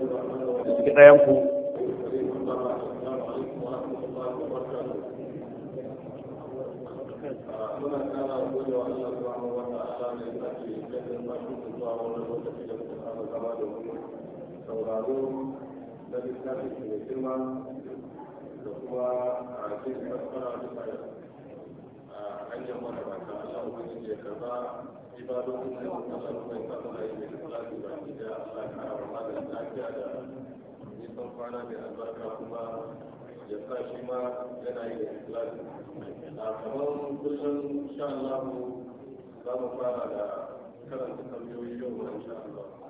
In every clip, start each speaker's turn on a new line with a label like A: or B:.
A: da ɗayan ku da kuma a cikin da hanyar mana ba ta Allah wani ke kaza ibadun da suka da yi ba da Allah ka da kwana mai albarka kuma ya shi ma yana yi da lafi a kamar kullum za mu fara da karanta tambayoyi yau ma insha Allah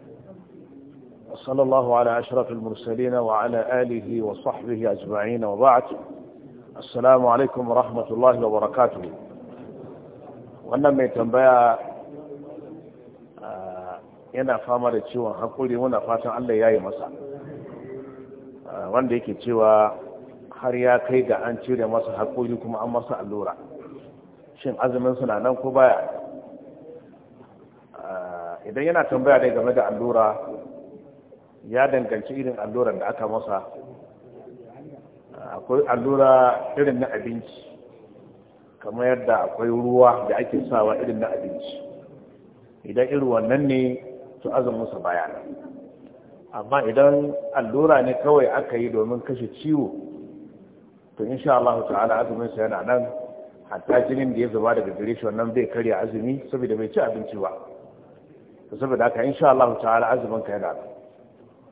B: وصلى الله على أشرف المرسلين وعلى آله وصحبه أجمعين وبعد السلام عليكم ورحمة الله وبركاته وأنما يتنبع آه، ينا فامر تشوى هكولي هنا فاتا ألا ياي مسا آه، وأنما يتشوى هريا كيدا أن تشوى مسا هكولي كما أن مسا اللورا شين أزمن سنة نمكو بايا آه، إذا ينا تنبع دي جمد اللورا ya danganci irin alluran da aka masa akwai allura irin na abinci kamar yadda akwai ruwa da ake sawa irin na abinci idan irin wannan ne su musa baya amma idan allura ne kawai aka yi domin kashe ciwo to insha Allah ta'ala azuminsa yana nan hatta jinin da ya zuba daga gare shi wannan bai karya azumi saboda bai ci abinci ba saboda haka insha Allah ta'ala azumin ka yana nan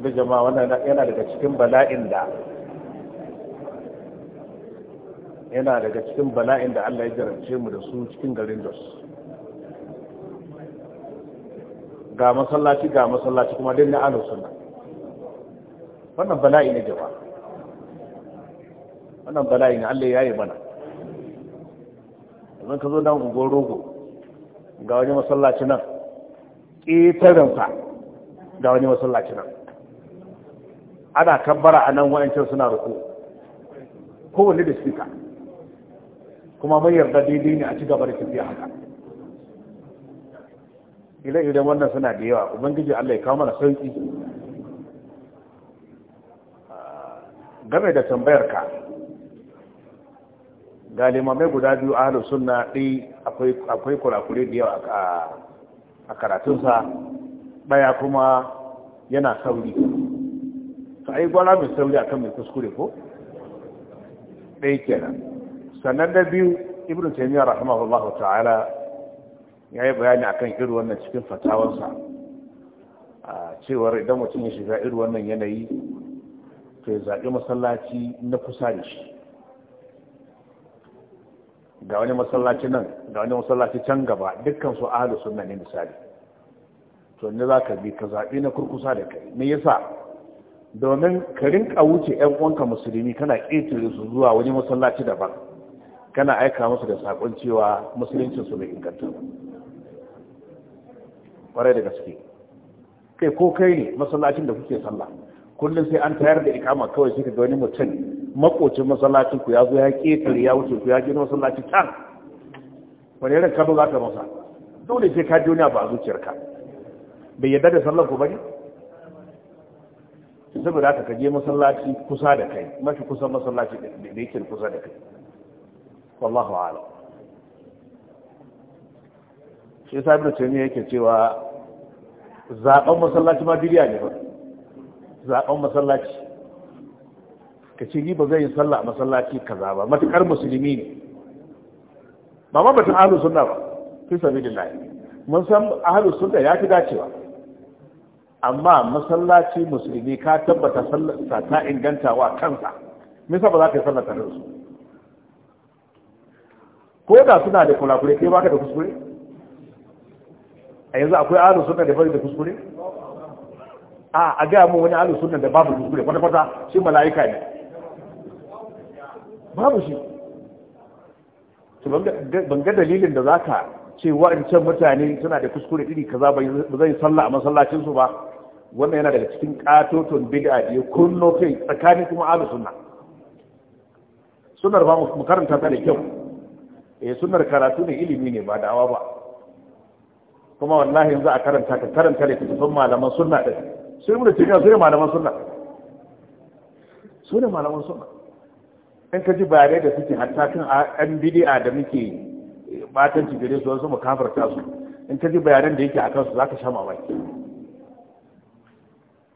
B: da jama'a wannan yana daga cikin bala'in da yana daga cikin bala'in da Allah ya jarance mu da su cikin garin Jos ga masallaci ga masallaci kuma dai na ahlus wannan bala'i ne jama'a wannan bala'i ne Allah ya yi bana zan ka zo nan ungon rogo ga wani masallaci nan ƙetarensa ga wani masallaci nan ana kabbara a nan wa'ancin suna ruku kowane da suka kuma mai yarda daidai ne a ci gaba da tafiya haka ila idan wannan suna da yawa ubangiji allah ya kawo mana sauki game da tambayar ka ga limamai guda biyu a ahalus suna ɗi akwai kurakure da yawa a karatunsa ɗaya kuma yana sauri ta yi gwara mai sauri akan mai kuskure ko ɗaya kenan sannan da biyu ibn taymiyyah rahimahullahu ta'ala ya yi bayani akan irin wannan cikin fatawarsa a cewar idan mutum ya shiga irin wannan yanayi to ya zaɓi masallaci na kusa da shi ga wani masallaci nan ga wani masallaci can gaba dukkan su ahlus sunna ne misali to ne za ka bi ka zaɓi na kurkusa da kai me yasa domin ka rinka wuce ƴan uwanka musulmi kana ƙetare su zuwa wani masallaci daban kana aika musu da sakon cewa musuluncin su bai inganta ƙwarai da gaske kai ko kai ne masallacin da kuke sallah kullum sai an tayar da ikama kawai sai ka ga wani mutum makocin masallacin ku ya zo ya ketare ya wuce ku ya gina masallaci can wani irin kano za ka masa dole sai ka jona ba a zuciyarka bai yadda da sallar ku bane saboda haka ka je masallaci kusa da kai mafi kusa masallaci da yake kusa da kai wallahu a'lam shi yasa ce ne yake cewa zaben masallaci ma bidiya ne ba zaɓen masallaci ka ce ni ba zai yi sallah a masallaci kaza ba matuƙar musulmi ne ba ma batun ahalus sunna ba fi sami da mun san ahalus sunna ya fi dacewa amma masallaci musulmi ka tabbata sallarsa ta inganta wa kansa nisa ba za ka yi sallar tare da su ko da suna da kulakure kai baka da kuskure a yanzu akwai ahalus sunna da bari da kuskure a a gaya mu wani alu sunna da babu da kwata kwata shi mala'ika ne babu shi to ban ga dalilin da zaka ce wa'ancan mutane suna da kuskure iri kaza ba zai sallah a masallacin su ba wannan yana daga cikin katoton bid'a da ya kunno kai tsakanin kuma alu sunna sunnar ba mu karanta ta da kyau eh sunnar karatu ne ilimi ne ba da'awa ba kuma wallahi yanzu a karanta ka karanta da tafsirin malaman sunna din sai mu da su sai malaman sunna su ne malaman sunna in ka ji bayanai da suke hatta kan an bid'a da muke batanci cikin su wasu mu kafarta su in ka ji bayanan da yake a kansu za ka sha mamaki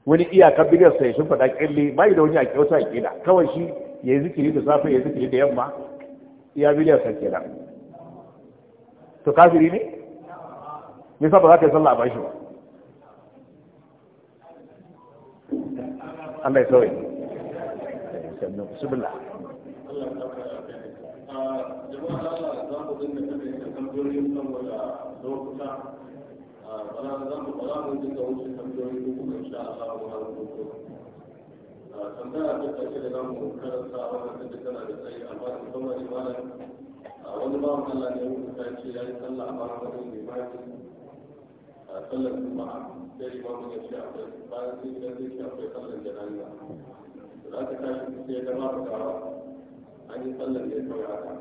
B: wani iyaka bidiyar sai shin faɗa ƙille ba da wani a kyauta a ƙila kawai shi ya yi zikiri da safe ya yi zikiri da yamma iya bidiyar sai kenan to kafiri ne nisa ba za ka yi sallah a bashi ba Allah ya sauye sannan subula
A: tambaya ta ƙarshe da zamu karanta a wannan da tana da tsayi amma da musamman imanin wani bawan Allah ne ya rubuta ce ya yi sallah a bara wani limani a sallar juma'a sai limamin ya ce akwai bayan sun gidan zai ce akwai sallan jana'iza za ta tashi sai da ka fitawa an yi sallan ya kawai haka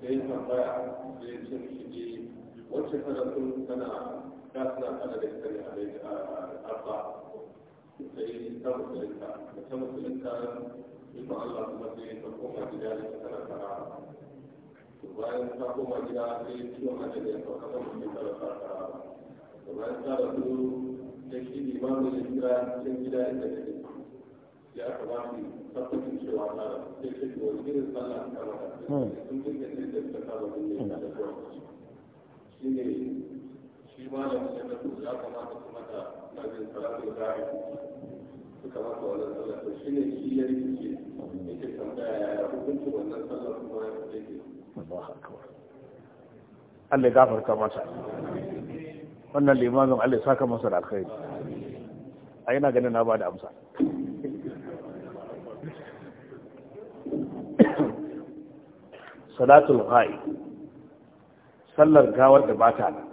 A: sai tambaya sai ce shige eh, wacce tana ta suna tana da ita ne a arba sai ta musulunta ta musulunta ikon allah kuma sai ta koma gida da ta tana tana bayan ta koma gida sai ciwon hajji ya kawai ta musulunta da ta tana kamar an saba su ta shi limamu da kira cikin gida inda ta ke ya aka ba cewa ta da ta ce ko irin sallah ta mata hmm. sun dinga cin ta ta saba sun ne da kuwa shi ne shi ma da mutum da kuma ya kamata ta mata mazin salatu da ya suka mata wannan sallah to shi ne shi ya rikice yake tambaya ya hukunci wannan sallah kuma ya yake Allah
B: ya gafarta masa. wannan limamin Allah ya saka masa da alkhairi a yana ganin na ba da amsa salatul ghaib sallar gawar da bata nan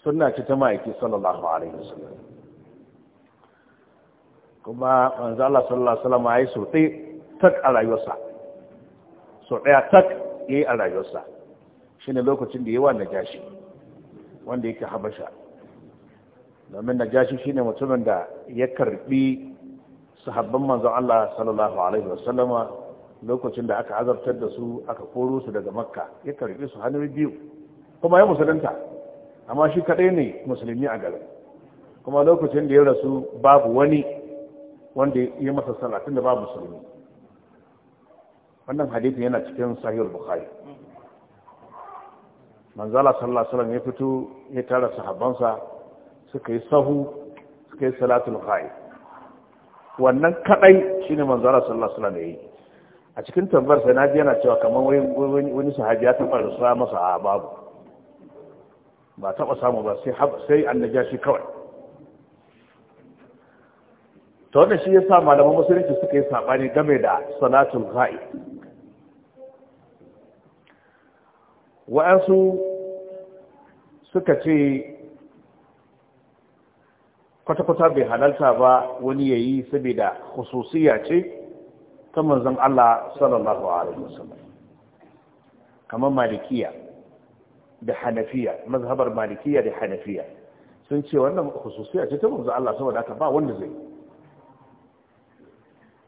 B: sunna ce ta ma'aiki sallallahu alaihi wasallam kuma manzo Allah sallallahu alaihi wasallam ayi so tak a rayuwarsa so daya tak yayi a rayuwarsa shine lokacin da yayi wannan gashi. wanda yake habasha domin na najashi shine mutumin da ya karbi sahabban manzon Allah sallallahu alaihi wasallama lokacin da aka azabtar da su aka koro su daga makka ya karbi su hannu biyu kuma ya musulunta amma shi kadai ne musulmi a garin kuma lokacin da ya rasu babu wani wanda ya masa salatin da babu musulmi wannan hadisi yana cikin sahih al-bukhari manzala sallallahu alaihi wasallam ya fito ya tara sahabbansa suka yi sahu suka yi salatul khair wannan kadai shine manzala sallallahu alaihi wasallam yayi a cikin tambar sai naji yana cewa kamar wani wani sahabi ya da rusa masa a babu ba taba samu ba sai sai shi kawai to wanda shi yasa malaman musulunci suka yi sabani game da salatul khair wa'ansu suka ce kwata-kwata bai halarta ba wani ya yi saboda hususiya ce ta manzan Allah sallallahu Alaihi wasallam kamar malikiya da hanafiya mazhabar malikiya da hanafiya sun ce wannan hususiya ce ta manzan Allah saboda aka ba wanda zai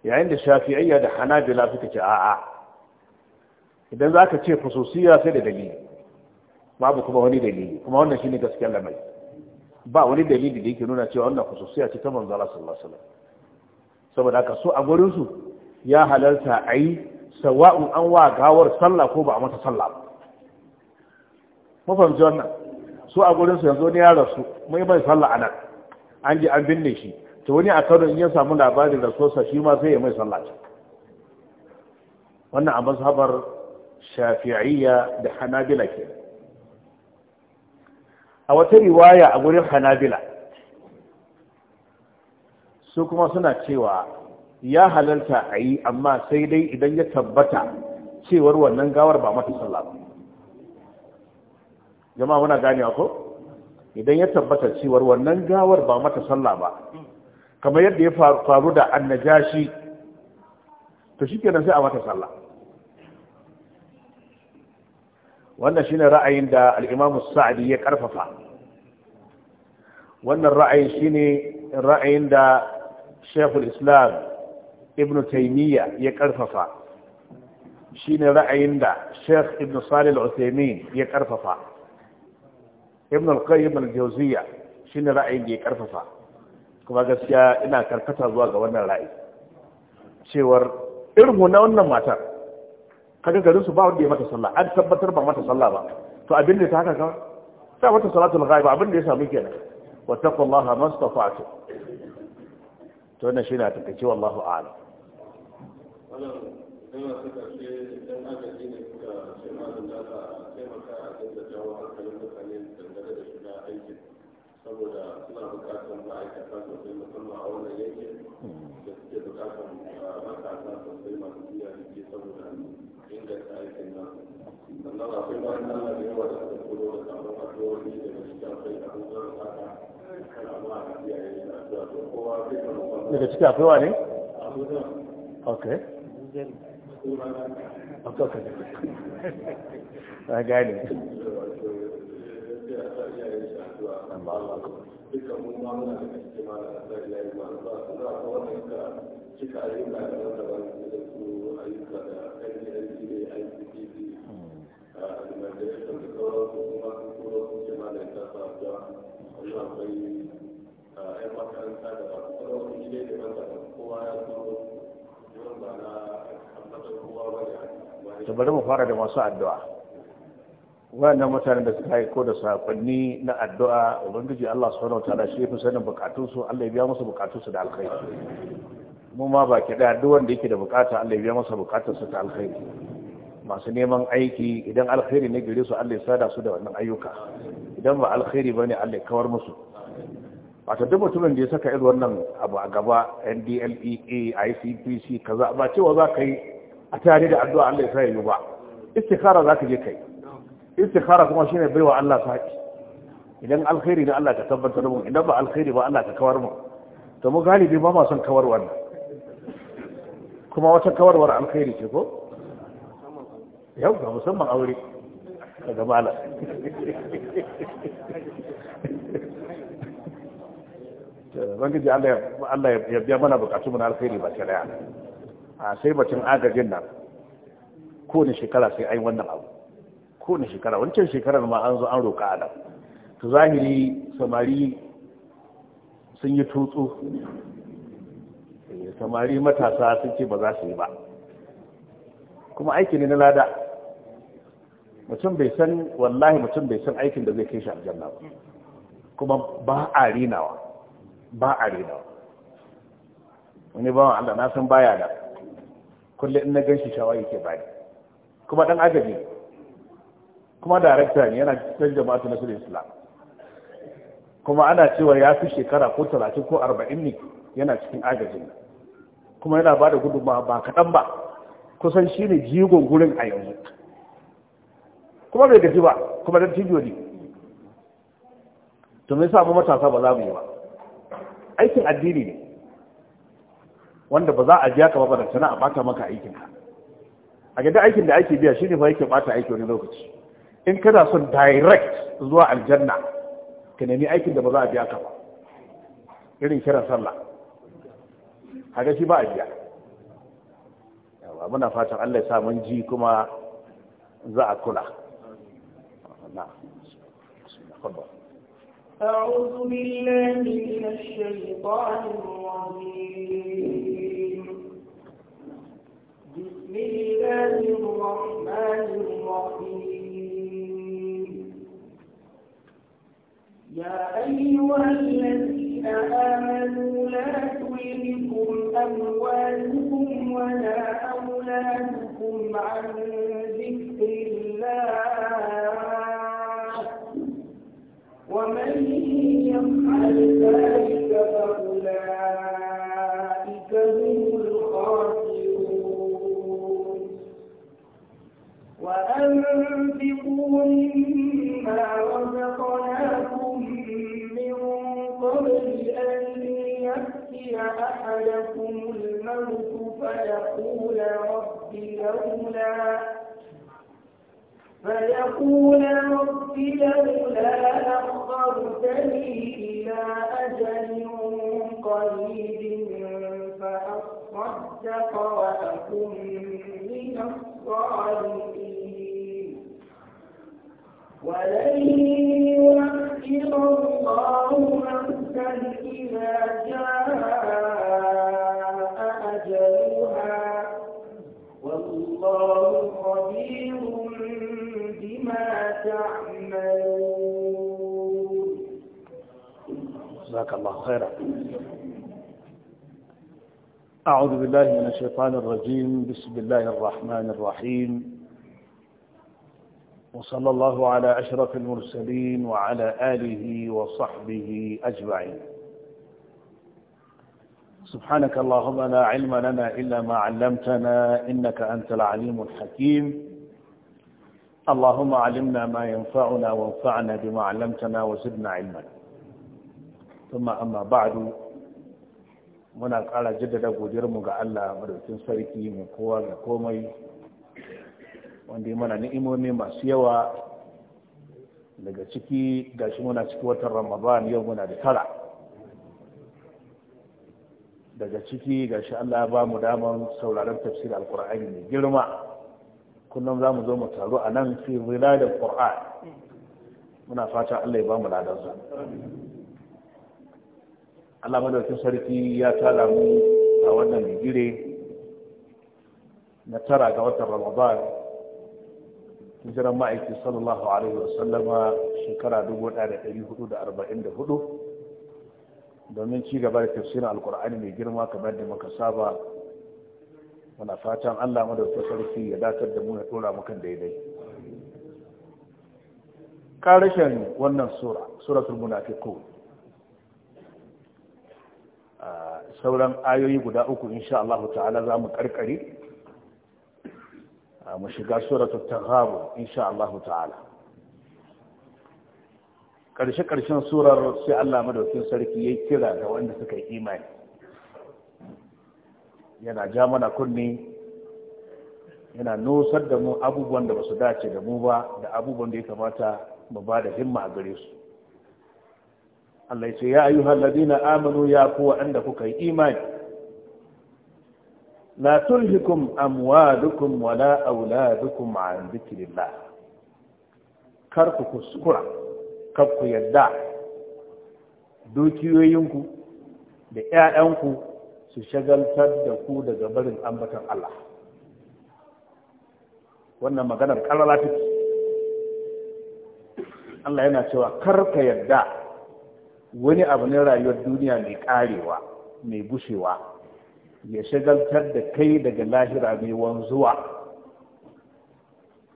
B: yayin da shafi'ayya da hanabila suka ce a'a idan za ka ce hususiya sai da dalili babu kuma wani dalili kuma wannan shine gaskiyar lamari ba wani dalili da yake nuna cewa wannan khususiya ce ta manzo Allah sallallahu alaihi wasallam saboda haka so a gurin su ya halarta ai sawa'un an wa gawar sallah ko ba a mata sallah ba mu fahimci wannan so a gurin su yanzu ne ya rasu mu yi mai sallah anan an ji an binne shi to wani a Kano in ya samu labarin rasuwarsa shi ma sai ya mai sallah ta wannan a mazhabar shafi'iyya da hanabila kenan a wata riwaya a gurin hanabila su kuma suna cewa ya halarta a yi amma sai dai idan ya tabbata cewar wannan gawar ba mata sallah ba jama'a muna ganewa ko idan ya tabbata cewar wannan gawar ba mata sallah ba kamar yadda ya faru da annajashi to shi kenan sai a mata salla wannan shine ra'ayin da al-Imam Sa'di ya karfafa wannan ra'ayi shine ra'ayin da Sheikh islam Ibn Taymiyyah ya karfafa shine ra'ayin da Sheikh Ibn Salih al-Uthaymeen ya karfafa Ibn al-Qayyim al-Jawziyya shine ra'ayin da ya karfafa kuma gaskiya ina karkata zuwa ga wannan ra'ayi cewar irhu na wannan matar kaga garin su ba wanda ya mata sallah an tabbatar ba mata sallah ba to abin da ta haka ka ta mata salatul ghaiba abin da ya samu kenan wa taqullaha mastata'tu to wannan shine a takeice wallahu a'lam
A: saboda suna bukatar ma'aikata sosai musamman a wannan yankin da suke bukatar ah, matasa sosai masu biya jiki saboda inganta a daga ciki akwai wa ne? Na mun ma muna da cikin ma da za a za a kowane ka cika ‘yan makaranta da ba su da kowa ya yawan ba na ambatar kowa ba ne to
B: bari mu fara da masu addu'a wannan mutanen da suka ko da sakonni na addu'a ubangiji Allah subhanahu wa ta'ala shi fi sanin bukatunsu Allah ya biya musu bukatunsu da alkhairi mu ma ba ki da duk wanda yake da bukata Allah ya biya masa bukatunsa da alkhairi masu neman aiki idan alkhairi ne gare su Allah ya sada su da wannan ayyuka idan ba alkhairi bane Allah ya kawar musu wato duk mutumin da ya saka irin wannan abu a gaba ndlea icpc kaza ba cewa za ka yi a tare da addu'a allah ya sa yi ba istikhara za ka je kai istikhara kuma shine baiwa allah saki idan alkhairi ne allah ka tabbatar mu idan ba alkhairi ba allah ka kawar mu to mu galibi ba ma son kawar wannan kuma wata kawarwar alkhairi ce ko yau ga musamman aure ga malam ubangiji Allah ya biya mana bukatu mu na alkhairi ba ta daya a sai batun agajin nan kowane shekara sai ai wannan abu kowane shekara wancan shekarar ma an zo an roƙa adam ta zahiri samari sun yi tutsu eh, samari matasa sun ce ba za su yi ba kuma aiki ne na lada mutum bai san wallahi mutum bai san aikin da zai kai shi aljanna ba kuma ba a rinawa ba a rena wani bawan Allah na san baya da kulle in na gan shi shawa yake bani kuma dan agaji kuma darakta ne yana cikin jama'atu na sulu islam kuma ana cewa ya fi shekara ko talatin ko arba'in ne yana cikin agajin kuma yana ba da gudunmawa ba kaɗan ba kusan shi ne jigon gurin a yanzu kuma bai gaji ba kuma don cibiyo ne to me samu matasa ba za mu yi ba aikin addini ne wanda ba za a biya ka ba da sana'a a bata maka aikin ka a ga aikin da ake biya shine fa yake bata aiki wani lokaci in kana son direct zuwa aljanna ka nemi aikin da ba za a biya ka ba irin kiran sallah kaga shi ba a biya yawa muna fatan Allah ya sa mun ji kuma
A: za a kula na
C: أعوذ بالله من الشيطان الرجيم بسم الله الرحمن الرحيم يا أيها الذين آمنوا لا تلهكم أموالكم ولا أولادكم عن وأنفقوا مما رزقناكم من قبل أن يأتي أحدكم الموت فيقول رب لولا فيقول رب لولا أخرتني إلى أجل قريب فأصدق وأكن من الصالحين ولن يؤخر الله نفسا إذا جاء تعملون
A: جزاك الله خيرا
B: أعوذ بالله من الشيطان الرجيم بسم الله الرحمن الرحيم وصلى الله على أشرف المرسلين وعلى آله وصحبه أجمعين سبحانك اللهم لا علم لنا إلا ما علمتنا إنك أنت العليم الحكيم اللهم علمنا ما ينفعنا وانفعنا بما علمتنا وزدنا علما ثم أما بعد muna ƙara jaddada godiyarmu ga Allah madaukin sarki mai kowa ga komai wanda ya mana ni'imomi masu yawa daga ciki gashi muna ciki watan ramadan yau muna da tara daga ciki gashi Allah ba mu damar sauraron tafsir alkur'ani mai girma kullum za mu zo mu taru a nan fi da qur'an muna fata Allah ya ba mu ladarsa Allah madaukin sarki ya tara mu a wannan gire. na tara ga watan Ramadan hijiran ma'aiki sallallahu alaihi wa sallama shekara 1444 domin ci gaba da tafsirin alkur'ani mai girma kamar da muka saba muna fatan Allah madaukakin sarki ya datar da mu ya dora mu kan daidai karshen wannan sura suratul munafiqun ah, sauran ayoyi guda uku insha Allah ta'ala za mu karkare ah, mu shiga suratul taghabun insha Allah ta'ala karshe karshen surar sai Allah madaukakin sarki ya kira ga wanda suka yi imani yana ja mana kunne yana nosar da mu abubuwan da ba su dace da mu ba da abubuwan da ya kamata mu ba da himma a gare su Allah ya ce ya ayyuhal ladina amanu ya ku wa'anda kuka yi imani la tulhikum amwalukum wala auladukum an dhikrillah kar ku kuskura kar ku yadda dukiyoyinku da 'ya'yanku su shagaltar da ku daga barin ambatan Allah wannan maganar karara take Allah yana cewa kar ka yadda wani abu ne rayuwar duniya mai karewa mai bushewa ya shagaltar da kai daga lahira mai wanzuwa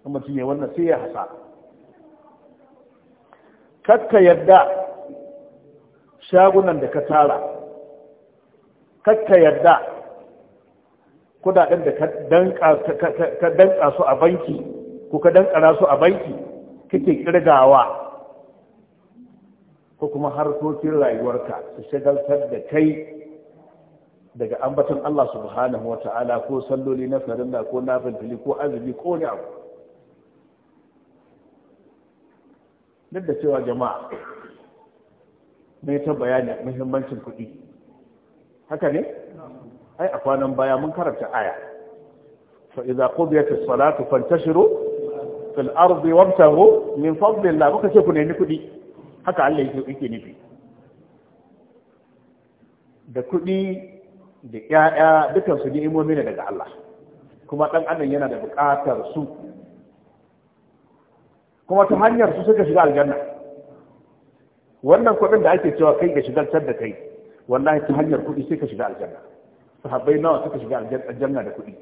B: kuma cinye wannan sai ya hasa karka yadda shagunan da ka tara kakka yadda kudaden da ka danka su a banki ko ka dankara su a banki kake kirgawa ko kuma harkokin rayuwarka su shagaltar da kai daga ambaton Allah subhanahu wa ta'ala ko salloli na farilla ko na fantili ko azumi ko ne abu duk da cewa jama'a mai ta bayani muhimmancin kuɗi haka ne ai a kwanan baya mun karanta aya fa idza qudiyat as-salatu fantashiru fil ardi wabtaghu min fadlillah muka ce ku nemi kudi haka Allah yake yake nufi da kudi da 'ya'ya dukan su ni'imomi ne daga Allah kuma dan adam yana da buƙatar su kuma ta hanyar su suka shiga aljanna wannan kuɗin da ake cewa kai ga shigar da kai wallahi ta hanyar kuɗi sai ka shiga aljanna sahabbai nawa suka shiga aljanna da kuɗi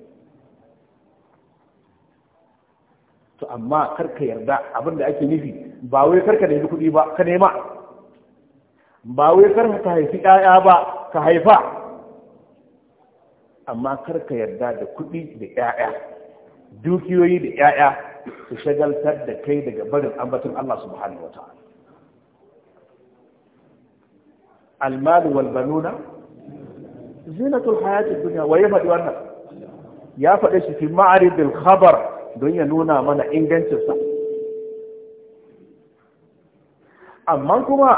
B: to amma karka yarda abin da ake nufi ba wai karka da kuɗi ba ka nema ba wai karka ka haifi ƴaƴa ba ka haifa amma karka yarda da kuɗi da ƴaƴa dukiyoyi da ƴaƴa su shagaltar da kai daga barin ambaton Allah subhanahu wataala almalu wal banuna zinatul hayatid dunya ya faɗi wannan ya faɗe shi fi ma'aridil khabar don ya nuna mana ingancinsa amma kuma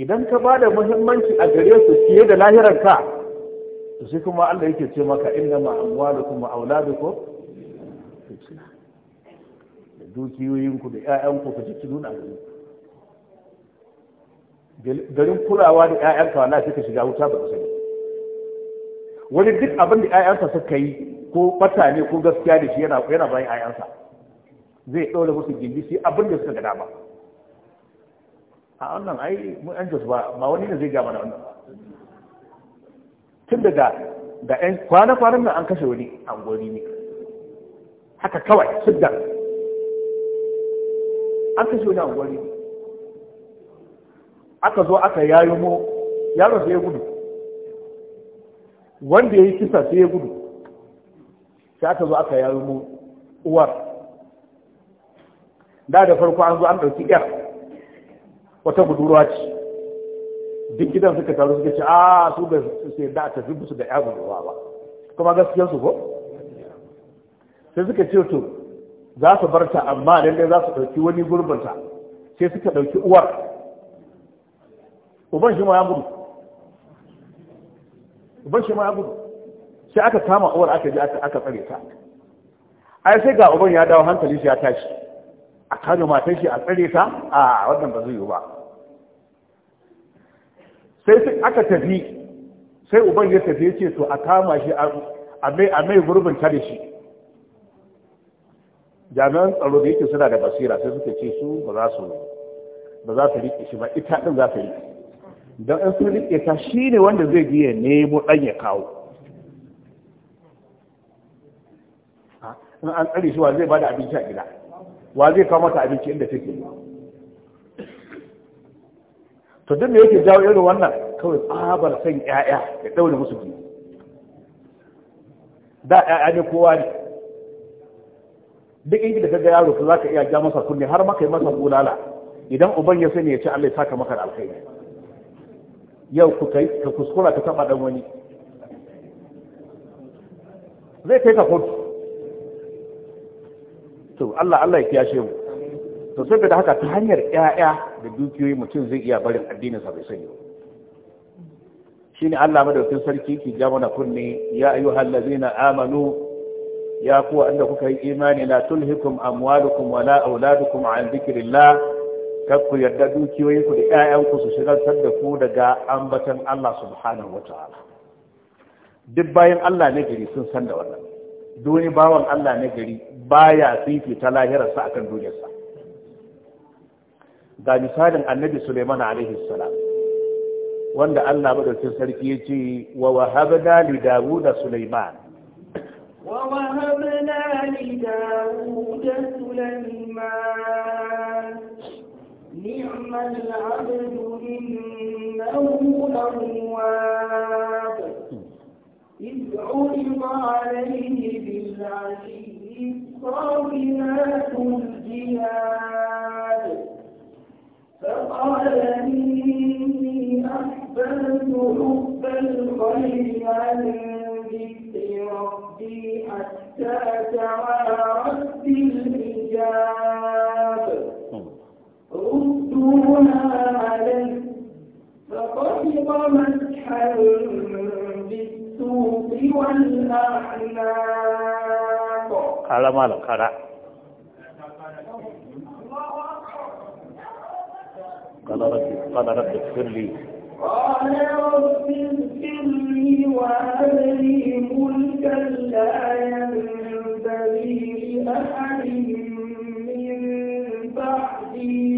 B: idan ka ba da muhimmanci a gare su fiye da ka sai kuma Allah yake ce maka inna ma amwalukum kuma auladukum fitna da dukiyoyinku da ƴaƴanku ku ji nuna gare ku garin kulawa da 'ya'yanka wallahi suka ka shiga wuta ba sani wani duk abin da ƴaƴanka suka yi ko bata ne ko gaskiya da shi yana yana bayan 'ya'yansa zai ɗaure musu gindi shi abin da suka ga dama a wannan ai mun an ba ma wani ne zai gama mana wannan tun daga da ƴan kwana-kwanan nan an kashe wani an gori ne haka kawai siddan an kashe wani an gori ne aka zo aka yayo mo yaron sai ya gudu wanda ya yi kisa sai ya gudu sai aka zo aka yayo mo uwar da da farko an zo an ɗauki ƴar wata budurwa ce duk gidan suka taru suka ce a ah, su ga sai da tafi musu da ƴar budurwa ba kuma gaskiyar su ko sai suka ce to za su barta amma lalle za su ɗauki wani gurbinta sai suka ɗauki uwar uban shi ma ya gudu uban shi ma ya gudu sai aka kama uwar aka ji aka tsare ta ai sai ga uban ya dawo hankali shi ya tashi a kano matan shi a tsare ta a wannan ba zai yi ba sai aka tafi sai uban ya tafi ya ce to a kama shi a mai gurbin tare shi jami'an tsaro da yake suna da basira sai suka ce su ba za su ba za su riƙe shi ba ita ɗin za su riƙe don an sun riƙe ta shi ne wanda zai biya nemo ɗan ya kawo ah, in an tsari shi wa zai bada abinci a gida wa zai kawo mata abinci inda take to duk da yake jawo irin wannan kawai tsabar san 'ya'ya ya ɗaure musu biyu da 'ya'ya ne kowa ne duk inda ka ga yaro za ka iya ja masa kunne har maka yi masa bulala idan uban ya sani ya ci Allah ya saka maka da alkhairi yau ka kuskura ka taba dan wani zai kai ka kotu to Allah Allah ya kiyashe mu to da haka ta hanyar ƴaƴa da dukiyoyi mutum zai iya barin addinin sa bai sani ba shine Allah madaukakin sarki ki ga mana kunne ya ayyuhal ladina amanu ya ku wanda kuka yi imani la tulhikum amwalukum wala auladukum an dhikrillah ku yarda dukiyoyinku da 'ya'yanku su shigantar da ku daga ambatan Allah subhanahu Wata'ala. duk bayan Allah na gari sun san da wannan doni bawan Allah na gari baya fifita lahirarsa akan duniyarsa ga misalin annabi Suleiman alaihi salam wanda Allah madaukakin sarki ya ce wa wahabna li Dawud Suleiman
C: wa wahabna li Dawud Suleiman نعم العبد إنه لأواب إذ عرض عليه بالعشي الصافنات الجهاد فقال إني أحببت حب الخير عن ذكر ربي حتى تعارت بالحجاب فألقوها عليه فطفق مسحا بالسوق والأعناق
B: على ما قرأ
D: قال ربي قال رب اغفر لي
C: قال رب اغفر لي وهب لي ملكا لا ينبغي لأحد من بعدي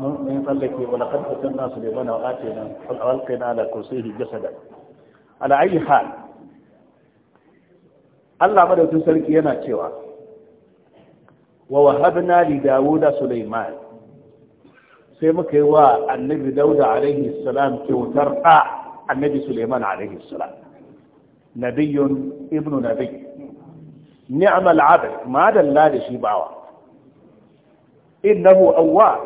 B: من طلقه ولقد فتن الناس لبنى وآتنا فالألقنا على كرسيه جسدا على أي حال الله مدى تنسلك ينا تيوى ووهبنا لداود سليمان سيمكوا النبي داوود عليه السلام كوترقى آه، النبي سليمان عليه السلام نبي ابن نبي نعم العبد ما دلالي شباوة إنه أواه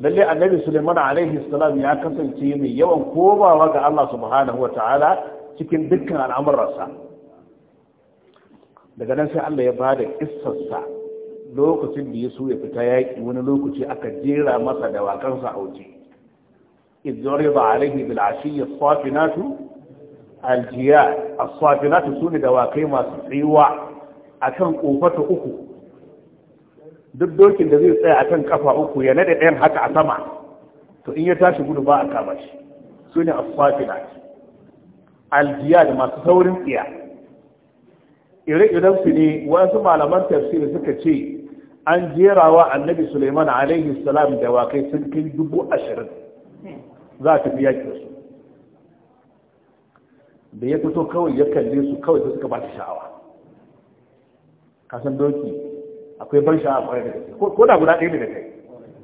B: lalle annabi Suleiman alaihi salam ya kasance mai yawan komawa ga Allah subhanahu cikin dukkan al'amuransa daga nan sai Allah ya bada kissarsa lokacin da ya so ya fita yaƙi wani lokaci aka jera masa da wakansa a waje idzori ba alaihi bil ashiyya safinatu aljiya as-safinatu sune da wakai masu tsiwa akan kofa uku duk dokin da zai tsaya a kan kafa uku ya nade ɗayan haka a sama to in ya tashi gudu ba a kama shi su ne asfafina aljiya da masu saurin tsiya ire idan su ne wasu malaman tafsiri suka ce an jerawa annabi suleiman alaihi salam da wakai sun kai dubu ashirin za a fi yakin su da ya fito kawai ya kalle su kawai da suka ba ta sha'awa kasan doki akwai ban sha'awa kwarai da gaske ko da guda ɗaya ne da kai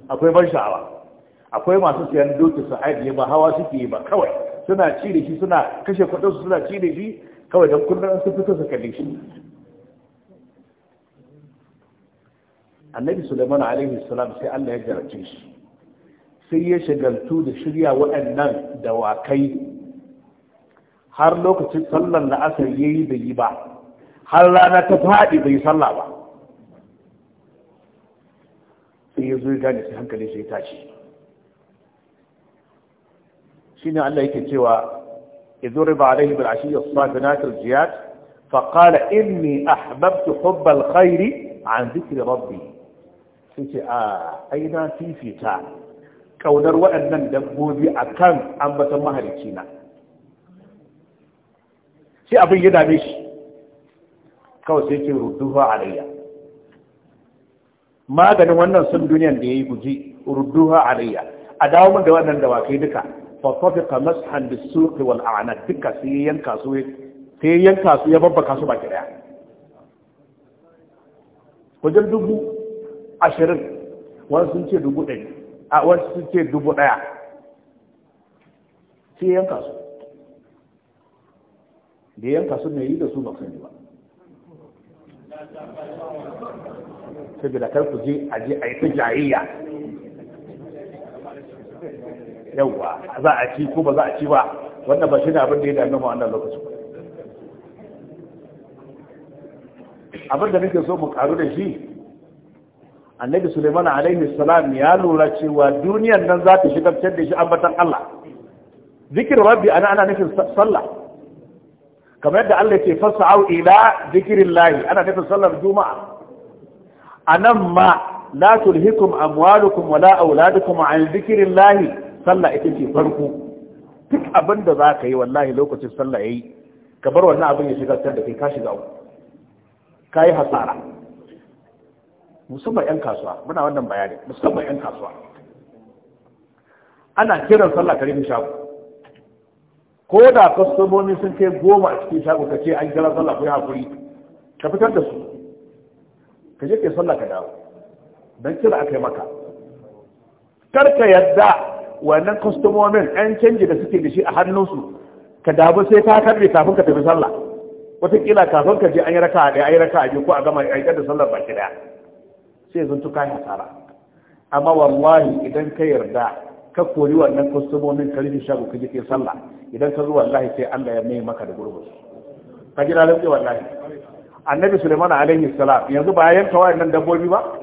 B: akwai ban sha'awa akwai masu siyan dokin su aiki ba hawa suke yi ba kawai suna ci da shi suna kashe su, suna ci da shi kawai don kullum su fito su kalli shi annabi suleiman alaihi salam sai allah ya jarace shi sai ya shagaltu da shirya waɗannan dawakai har lokacin sallar la'asar ya yi bai yi ba har rana ta faɗi bai sallah ba sai ya zo ya gane sai hankali sai ya tashi shine Allah yake cewa idurba alaihi bil ashiy as-safinat al-jiyat fa qala inni ahbabtu hubb al an dhikri rabbi sai ce a ah, ai fifita kaunar waɗannan dabbobi akan ambaton mahalicci na sai abin ya dame shi kawai sai ce rudduha alayya maganin wannan sun duniyan da ya yi guji urduha alayya a dawo mun da wannan dawakai duka fa mashan da suke wal a'naq duka sai yanka su sai yanka su ya babbaka su baki daya kujar dubu ashirin wani sun ce dubu ɗari a wani sun ce dubu ɗaya sai yanka su da yanka su ne yi da su ba sani ba saboda kar ku je a je a yi ta jayayya yawwa za a ci ko ba za a ci ba wannan ba shi ne abin da ya dame mu wannan lokacin abin da nake so mu karu da shi annabi suleiman alaihi salam ya lura cewa duniyar nan za ta shigartar da shi ambatan Allah zikir rabbi ana ana nufin sallah kamar yadda Allah ke au ila zikirin lahi ana nufin sallar juma'a anan ma la tulhikum amwalukum wala auladukum an zikrillah sallah ita ce farko duk abin da za ka yi wallahi lokacin sallah yayi ka bar wannan abin ya shiga da kai ka shiga uku ka yi hasara musamman 'yan kasuwa muna wannan bayani, musamman 'yan kasuwa ana kiran sallah ka rufe shago ko da kwastomomi sun kai goma a cikin shago ka ce an kira sallah ku ya hakuri ka fitar da su ka je yi sallah ka dawo dan kira akai maka karka yadda wannan kostomomin ɗan canji da suke da shi a hannunsu ka dawo sai ka karbe kafin ka tafi sallah wataƙila kafin ka je an yi raka a ɗaya an yi raka a biyu ko a gama a yi da sallar baki ɗaya sai zan tuka ya tsara amma wallahi idan ka yarda ka kori wannan kostomomin ka rufe shago ka je yi sallah idan ka zo wallahi sai Allah ya mai maka da gurbin ka ji lalai wallahi annabi Suleiman alaihi salam yanzu ba yanka wayannan dabbobi ba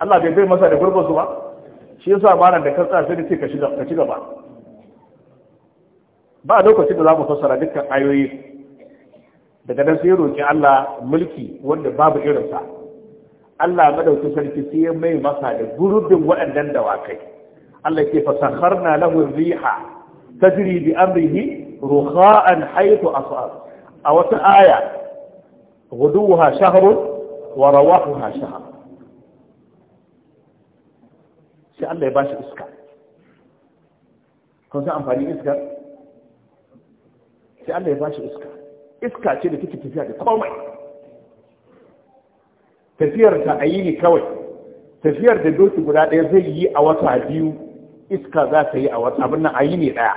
B: Allah bai bai masa da gurbin su ba shi yasa malam da ka tsaya sai ka shiga ka ci gaba ba lokacin da za mu fassara dukkan ayoyi daga nan sai roki Allah mulki wanda babu irinsa Allah madaukakin sarki sai ya mai masa da gurbin waɗannan dawakai Allah ke fasakharna lahu riha tajri bi amrihi rukha'an haythu asab a wata aya غدوها شهر ورواحها شهر sai Allah ya bashi iska kun san amfani iska sai Allah ya bashi iska iska ce da take tafiya da komai tafiyar ta ayi ne kawai tafiyar da doki guda ɗaya zai yi a wata biyu iska za ta yi a wata abin nan ayi ne ɗaya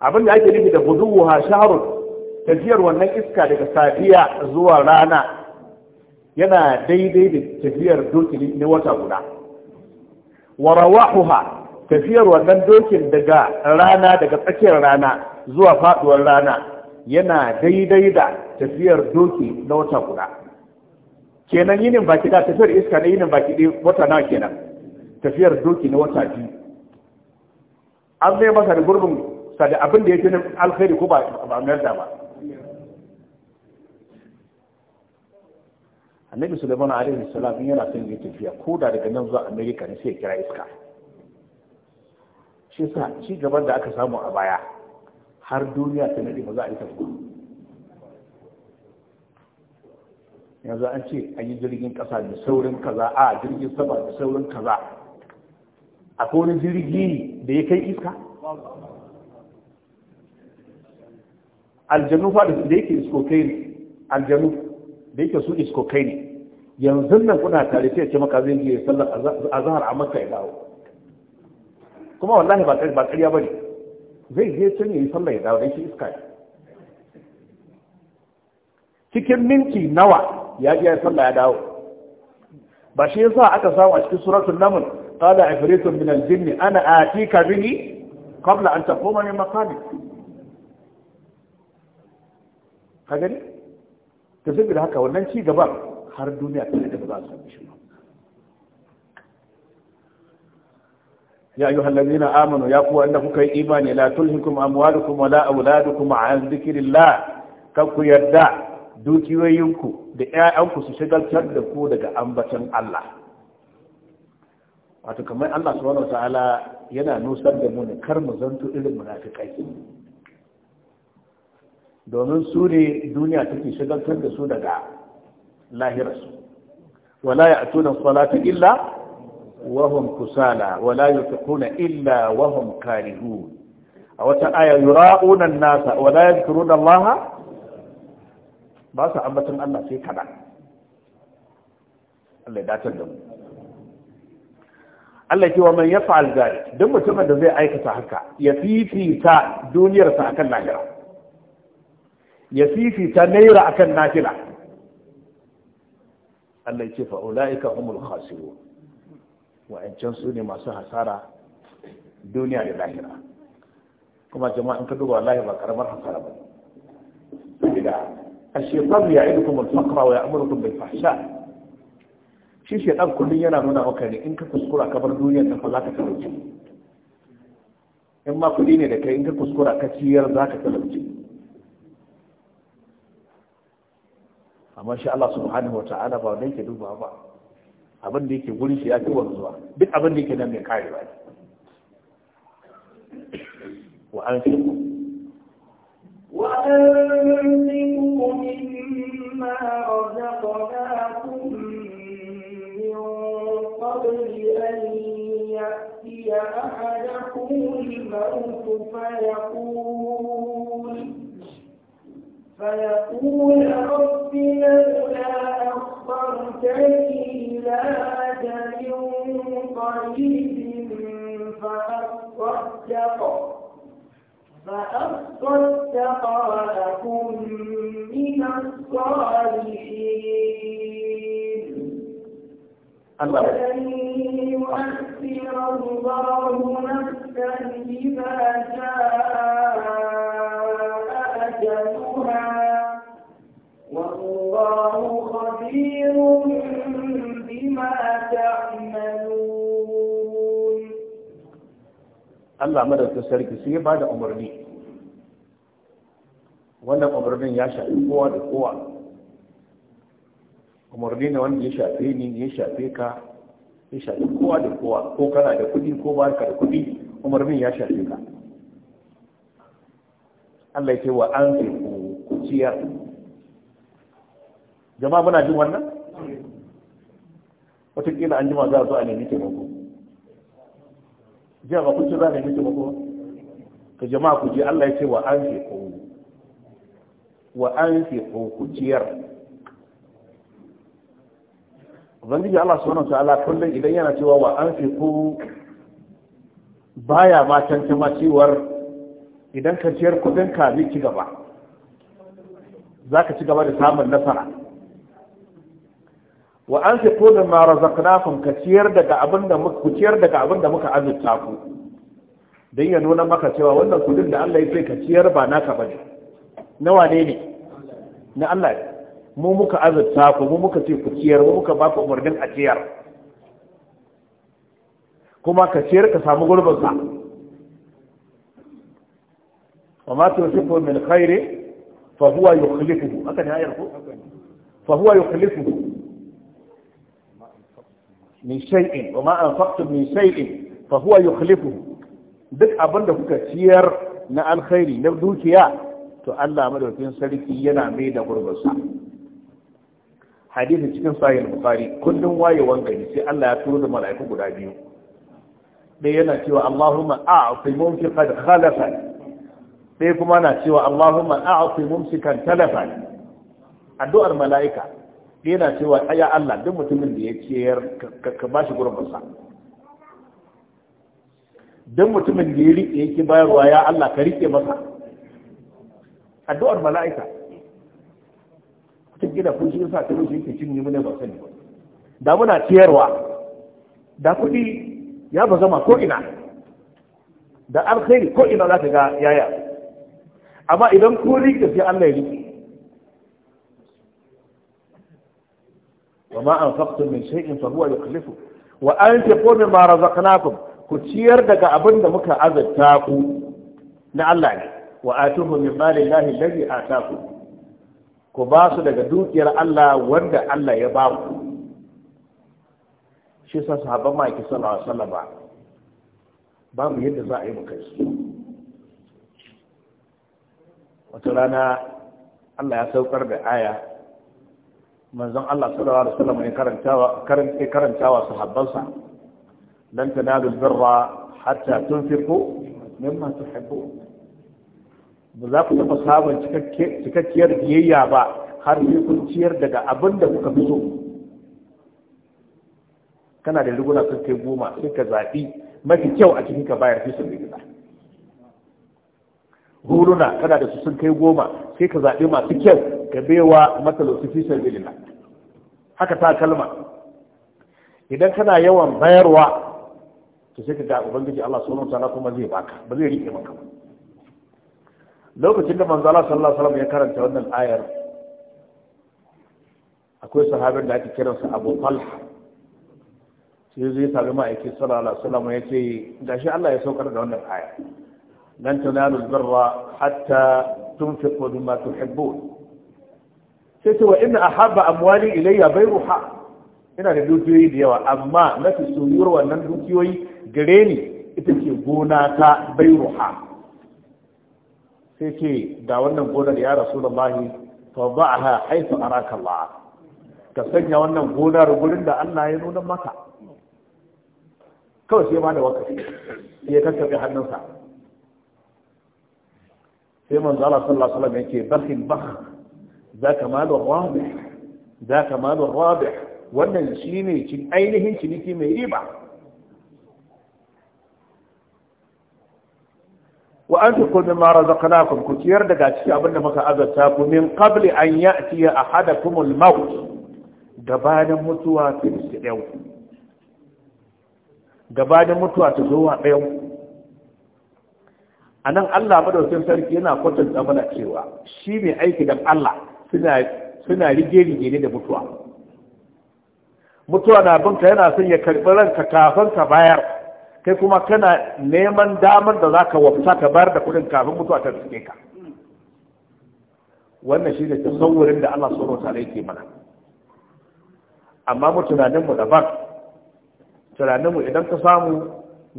B: abin da ake nufi da guduwa shaharun tafiyar wannan iska daga safiya zuwa rana yana daidai da tafiyar doki na wata guda warawahuha tafiyar wannan dokin daga rana daga tsakiyar rana zuwa faduwar rana yana daidai da tafiyar doki na wata guda kenan yinin baki da tafiyar iska na yinin baki ɗaya wata nawa kenan tafiyar doki na wata biyu an zai masa da gurbin sa da abin da ya fi alkhairi ko ba mayar da ba annabi suleiman alaihi salam in yana son yi tafiya ko da daga nan zuwa Amerika ne sai ya kira iska shi sa ci gaban da aka samu a baya har duniya ta nadi ba za a yi tafiya yanzu an ce an yi jirgin kasa da saurin kaza a jirgin sama da saurin kaza akwai wani jirgi da ya kai iska aljanu fa da yake iskokai ne aljanu da yake su iskokai ne yanzu nan kuna tare sai ce maka zai yi sallar azhar a makka ya dawo kuma wallahi ba ba kariya bane zai je can yi sallar ya dawo dan shi iska ne cikin minti nawa ya je ya sallar ya dawo ba shi yasa aka samu a cikin suratul naml qala ifritun min al ana atika bihi qabla an taquma min maqamik ka gani ta haka wannan ci gaban har duniya ta da ba za shi ba ya ayu allazina amanu ya ku wanda kuka yi imani la tulhikum amwalukum wala auladukum an dhikrillah kan ku yarda dukiyoyinku da 'ya'yanku su shigaltar da ku daga ambatan Allah wato kamar Allah subhanahu ta'ala yana nusar da mu ne kar mu zanto irin munafikai domin su ne duniya take shagaltar da su daga lahirarsu wala ya tuna salata illa wahum kusala wala ya yutquna illa wahum karihun a wata aya yura'una an-nasa wala ya yadhkuruna Allah ba su ambaton Allah sai kaɗan Allah ya datar da mu Allah ya ce wa man ya fa'al zari duk mutumin da zai aikata haka ya fifita duniyarsa akan lahira ya fifita naira akan nafila Allah ya ce fa ulaika humul khasirun wa'ancan su ne masu hasara duniya da lahira kuma jama'a in ka duba wallahi ba karamar hasara ba saboda الشيطان يعدكم الفقر bai fasha? shi shaidan kullum yana nuna maka ne in ka kuskura ka bar duniya nan fa za ka talauci in ma kudi ne da kai in ka kuskura ka ciyar za ka talauci amma shi Allah subhanahu wa ta'ala ba wanda yake ba abin da yake gurin shi ya fi wanzuwa duk abin da yake nan mai ba ne wa an fi
C: وأنفقوا مما رزقناكم من قبل أن يأتي أحدكم الموت فيقول فيقول رب لولا أخبرتني إلى أجل قريب فأصدق فأصدق لكم من الصالحين ولن يؤثر الله نفسا إذا شاء Allah
B: تعملون sarki مدد تسرك سيبا umarni, wannan umarnin ya shafi kowa da kowa umarni ne wanda ya shafe ni ya shafe ka ya shafi kowa da kowa ko kana da kuɗi ko ba ka da kuɗi umarnin ya shafe ka Allah ya ce wa an ku ciyar jama'a muna jin wannan wataƙila an jima za a zo a nemi taimako jiya ba kun ce za a nemi taimako ka jama'a ku je Allah ya ce wa an fi ko wa an fi ko ku ciyar ubangiji Allah subhanahu ta'ala kullum idan yana cewa wa an fi ko baya ma ma cewar idan ka ciyar kudin ka zai ci gaba za ka ci gaba da samun nasara wa an fi kodin ma razaqnakum ka ciyar daga abin da muka ciyar daga abin da muka azurta ku dan ya nuna maka cewa wannan kudin da Allah ya ce ka ciyar ba naka bane na wane ne na Allah mu muka azurta ku mu muka ce ku ciyar mu muka ba ku umarnin a ciyar kuma ka ciyar ka samu gurbin sa wa ma tusifu min khairi fa huwa yukhlifuhu haka ne ayar ku fa huwa yukhlifuhu min shay'in wa ma anfaqtum min shay'in fa huwa yukhlifuhu duk abinda kuka ciyar na alkhairi na dukiya to Allah madaukakin sarki yana mai da gurbarsa hadisi cikin sahih bukhari kullun wayewan gari sai Allah ya turo da mala'iku guda biyu dai yana cewa Allahumma a'ti mumsikan khalafan dai kuma na cewa Allahumma a'ti mumsikan talafan addu'ar mala'ika yana cewa ya Allah duk mutumin da ya ciyar ka ba shi gurbinsa duk mutumin da ya riƙe yake bayarwa ya Allah ka riƙe masa addu'ar mala'ika cikin gida kunshi shi yasa ta rushe yake cinye mune ba sani da muna ciyarwa da kuɗi ya ba zama ko ina da alkhairi ko ina za ka ga yaya amma idan ko riƙe sai Allah ya riƙe ma anfaqtum min shay'in fa huwa yukhlifu ku ciyar daga abin da muka azurta ku na Allah ne wa atuhu min mali Allah ataku ku ba daga dukiyar Allah wanda Allah ya ba ku shi sa sahabban maki sallallahu alaihi wasallam babu yadda za a yi muka su wata rana Allah ya saukar da aya manzon Allah sallallahu alaihi wasallam ya karantawa karanta karantawa sahabbansa lan tanalu birra hatta tunfiqu mimma tuhibbu ba za ku taɓa samun cikakkiyar biyayya ba har sai kun ciyar daga abin da kuka fi so kana da riguna sun kai goma sai ka zaɓi mafi kyau a cikin ka bayar fi sun gida. huluna kana da su sun kai goma sai ka zaɓi masu kyau ka baiwa matsalolin fi sun riguna haka ta kalma idan kana yawan bayarwa to sai ka ga ubangiji Allah subhanahu wataala kuma zai baka ba zai rike maka ba lokacin da manzo Allah sallallahu alaihi wasallam ya karanta wannan ayar akwai sahabin da ake kiransa Abu Talha sai zai sami ma'aiki sallallahu alaihi wasallam ya ce gashi Allah ya saukar da wannan aya lan tanalu birra hatta tunfiqu mimma tuhibbun sai ce wa ina a haɓa amwali ilayya bai ruha ina da dukiyoyi da yawa amma na fi soyuwar wannan dukiyoyi gare ni ita ce gona ta bai ruha sai ce ga wannan gonar ya rasu da mahi ta ba a haifu a raka Allah ka sanya wannan gonar gurin da Allah ya nuna maka kawai sai ma da waka sai ya kakkaɓe hannunsa sai manzala sallallahu alaihi wasallam yake bakin bakin zaka malun rabi zaka rabi wannan shine cin ainihin ciniki mai riba wa anfiqu mimma razaqnakum ku ciyar daga cikin abinda muka azarta ku min qabli an ya'tiya ahadakumul maut gabanin mutuwa ta su ɗau gabanin mutuwa ta zo wa ɗau a nan allah madaukin sarki yana kwatanta mana cewa shi mai aiki da allah suna rige-rige ne da mutuwa mutuwa na binka yana son ya karɓi ranka kafin ka bayar kai kuma kana neman damar da za ka wafta ka bayar da kudin kafin mutuwa ta riske ka wannan shi ne tasawurin da Allah sauran tare yake mana amma mu tunaninmu daban tunaninmu idan ka samu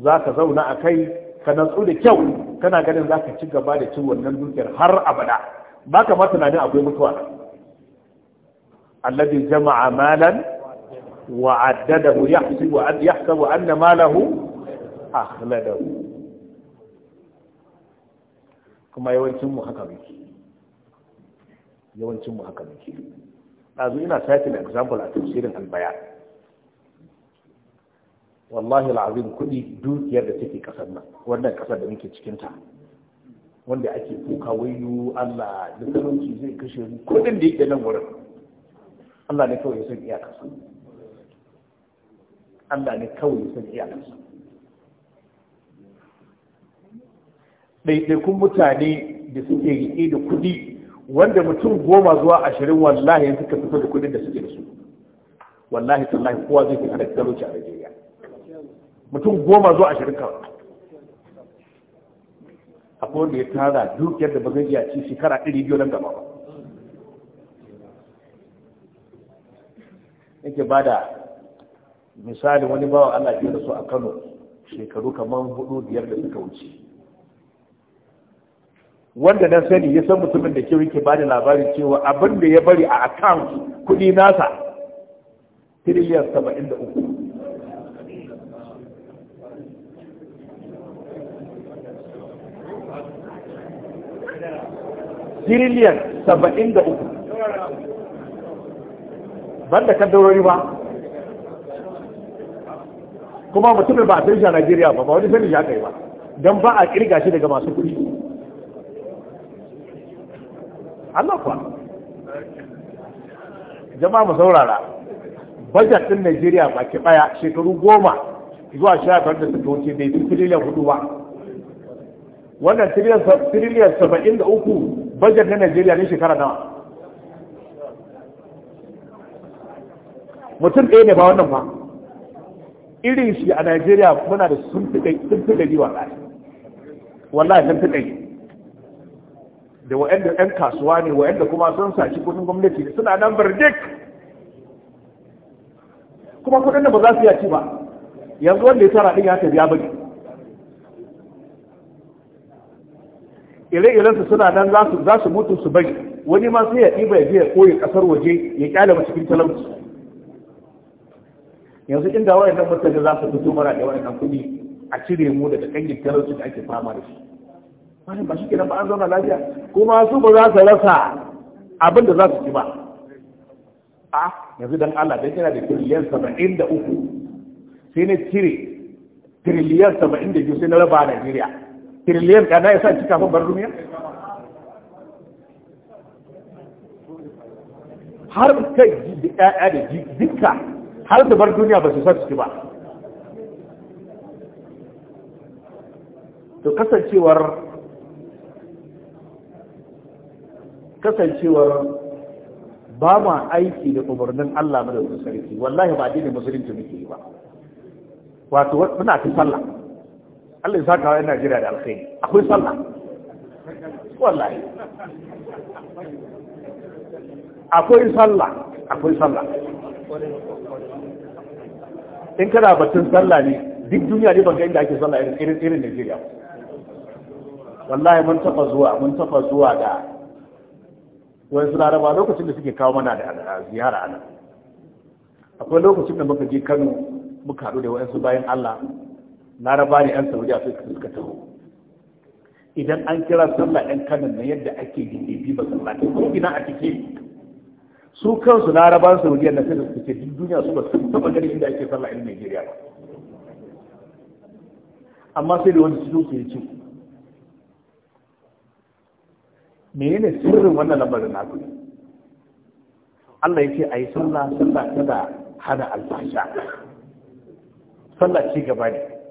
B: za ka zauna a kai ka natsu da kyau kana ganin za ka ci gaba da cin wannan dukiyar har abada ba ka ma tunanin akwai mutuwa alladhi jama'a malan wa addadahu yahsibu an yahsabu anna malahu akhladahu kuma yawancin mu haka muke yawancin mu haka muke dazu ina citing example a tafsirin albayan wallahi alazim kudi dukiyar da take kasar nan wannan kasar da muke cikin ta wanda ake kuka wayo Allah da talauci zai kashe mu kudin da yake nan wurin Allah ne kawai san su Allah ne kawai san dai ɗaiɗaikun mutane da suke rike da kuɗi wanda mutum goma zuwa ashirin wallahi yanzu ka fito da kuɗin da suke da su wallahi tallahi kowa zai fi da talauci a Najeriya mutum goma zuwa ashirin kawai Ko da ya tara duk da ba zai iya ci shekara ɗari biyu nan gaba ba yake ba da misali wani bawa Allah ya rasu a Kano shekaru kamar hudu biyar da suka wuce wanda na sani ya san mutumin da ke yake ba da labarin cewa abin da ya bari a account kuɗi nasa tiriliyar saba'in da uku tiriliyan saba'in da uku ban da kaddarori ba kuma mutumin ba a sani a najeriya ba ba wani sani shi kai ba don ba a kirga shi daga masu kuɗi Allah kuwa jama mu saurara bajet ɗin najeriya ba ke ɓaya shekaru goma zuwa shafar da suka wuce bai fi tiriliyan hudu ba wannan trillion saba'in da uku bajet na najeriya ne shekara nawa mutum ɗaya ne ba wannan ba irin shi a najeriya muna da sun fi ɗari wallahi wallahi sun fi ɗari da wa'anda 'yan kasuwa ne wa'anda kuma sun sashi kudin gwamnati suna nan birdik kuma kudin da ba za su yaci ba yanzu wanda ya tara ɗin ya tafi ya bagi ire-irensu suna nan za su mutu su bari wani ma sai ya ɗiba ya biya koyi ƙasar waje ya ƙyale cikin talauci yanzu inda wayan nan mutane za su fito mara da wayan kuɗi a cire mu daga ƙangin talauci da ake fama da shi wani ba shi kenan ba an zauna lafiya kuma su ba za su rasa abin da za su ci ba a yanzu dan Allah dan yana da tiriliyan saba'in da uku sai na cire tiriliyan saba'in da biyu sai na raba a Najeriya tiriliyan karena ya sa ci kafin bar duniya har kai da ƴaƴa da dukka har da bar duniya ba su san ciki ba to kasancewar kasancewar ba ma aiki da umarnin Allah madaukakin sarki wallahi ba addinin musulunci muke yi ba wato muna ta sallah Allah ya saka wa Najeriya da alkhairi akwai sallah
D: wallahi akwai sallah akwai sallah
B: in kana batun sallah ne duk duniya ne ban ga inda ake sallah irin irin Najeriya wallahi mun taba zuwa mun taba zuwa da wani su laraba lokacin da suke kawo mana da ziyara ana akwai lokacin da muka je Kano muka haɗu da wa'ansu bayan Allah Na raba ne yan saudi afirka suka taho idan an kira sallah yan kanan na yadda ake gindidi ba sallah ta ko ina a cike su kansu laraban saudiya na sai da suke duk duniya su ba su taba gani inda ake sallah in najeriya ba amma sai da wani su ke ci menene sirrin wannan lamarin na ku Allah ya ce a yi sallah sallah kada hana alfasha sallah ci gaba ne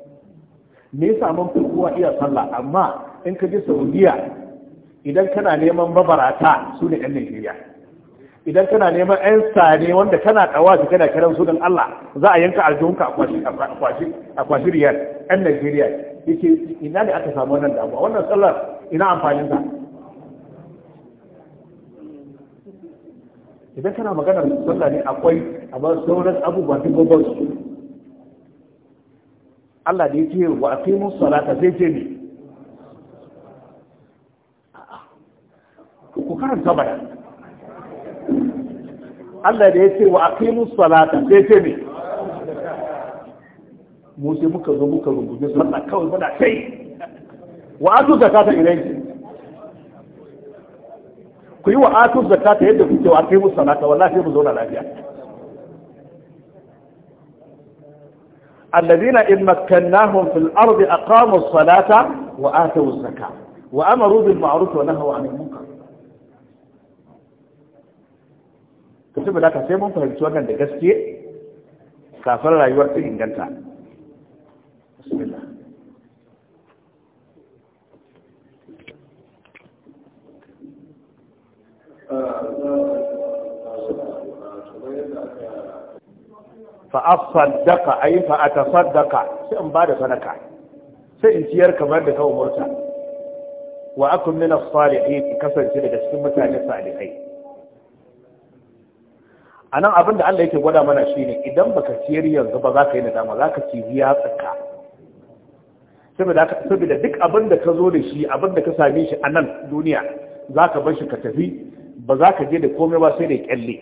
B: me yasa man fi kowa iya sallah amma in ka je saudiya idan kana neman mabarata su ne yan nigeria idan kana neman yan sare wanda kana su kana kiran su don allah za a yanka aljihunka a kwashi riyar yan nigeria yake ina ne aka samu wannan damuwa wannan sallar ina amfanin ta idan kana maganar sallah ne akwai amma sauran abubuwa duk babban su Allah da ce wa musu salata zai ce ne ku karanta bayan Allah da ce wa musu salata zai ce ne mu sai muka zo muka rubuce sallah kawai muna kai wa atu zakata irai ku yi wa atu zakata yadda kuke wa musu salata wallahi mu zo na lafiya الذين إن مكناهم في الأرض أقاموا الصلاة وآتوا الزكاة وأمروا بالمعروف ونهوا عن المنكر كتب لك سيمون فهمت وانا da gaske kafin rayuwar ta inganta fa'asaddaka ai fa'atasaddaka sai in bada sadaka sai in ciyar kamar da kawo murta wa akun min as-salihin kasance daga cikin mutane salihai anan abin da Allah yake gwada mana shine idan baka ciyar yanzu ba za ka yi nadama za ka ci biya tsaka saboda duk abin da ka zo da shi abin da ka same shi a nan duniya za ka bar shi ka tafi ba za ka je da komai ba sai da kyalle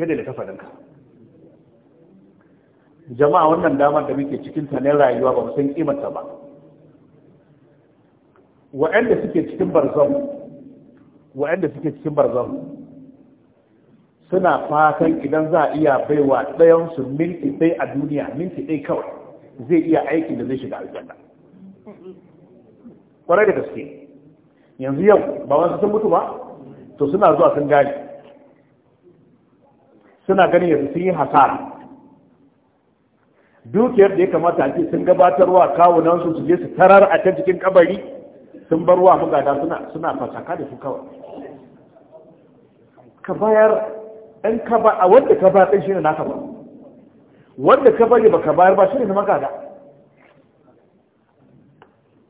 B: sai da littafaninka jama'a wannan damar da muke cikin ta ne rayuwa ba san kimanta ba wa'anda suke cikin barzan wa'anda suke cikin barzan suna fatan idan za a iya baiwa ɗayan su minti sai a duniya minti ɗaya kawai zai iya aiki da zai shiga aljanna kwarai da gaske yanzu yau ba wasu sun mutu ba to suna zuwa sun gani suna ganin yanzu sun yi hasara dukiyar da ya kamata a ce sun gabatarwa kawunan su su je su tarar a can cikin kabari sun bar wa magada suna suna fasaka da su kawai ka bayar ɗan ka ba a wanda ka bayar ɗin shine naka ba wanda ka bari ba ka bayar ba shine na magada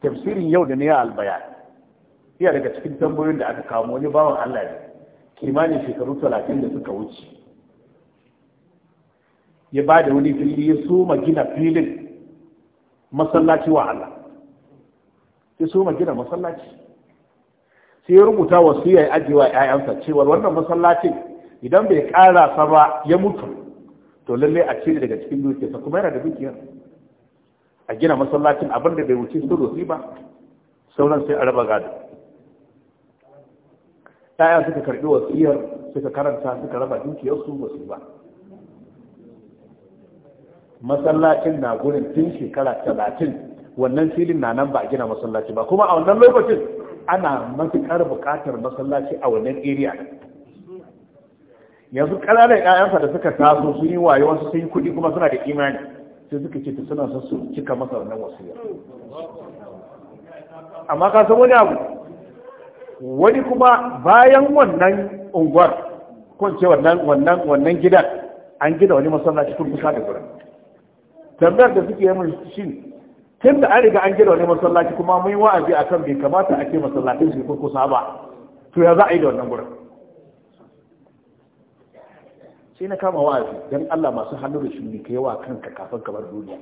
B: tafsirin yau da ne ya albayan iya daga cikin tambayoyin da aka kawo wani bawan Allah ne kimanin shekaru talatin da suka wuce ya ba da wani fili ya soma gina filin masallaci wa Allah ya soma gina masallaci sai ya rubuta wasu ya yi ajiyewa ‘ya'yansa cewar wannan masallacin idan bai ƙarasa ba ya mutu to lallai a cire daga cikin dukiyarsa kuma yana da dukiyar a gina masallacin abin da bai wuce sulusi ba sauran sai a raba gado ‘ya'ya suka karɓi wasiyar suka karanta suka raba dukiyarsu wasu ba masallacin na gurin tun shekara talatin wannan filin na nan ba a gina masallaci ba kuma a wannan lokacin ana matuƙar buƙatar masallaci a wannan area yanzu ƙananan 'ya'yansa da suka taso sun yi wayo wasu sun yi kuɗi kuma suna da imani sai suka ce suna son su cika masa wannan wasiya amma ka san wani abu wani kuma bayan wannan unguwar ko ce wannan wannan wannan gidan an gina wani masallaci kurkusa da gurin tambayar da suke yamin shi tun da an riga an gina wani masallaci kuma mun yi wa'azi a kan bai kamata a ke masallacin su kurkusa ba to ya za a yi da wannan gurin sai na kama wa'azi don Allah masu hannu da shi ka yawa kanka kafin kamar duniya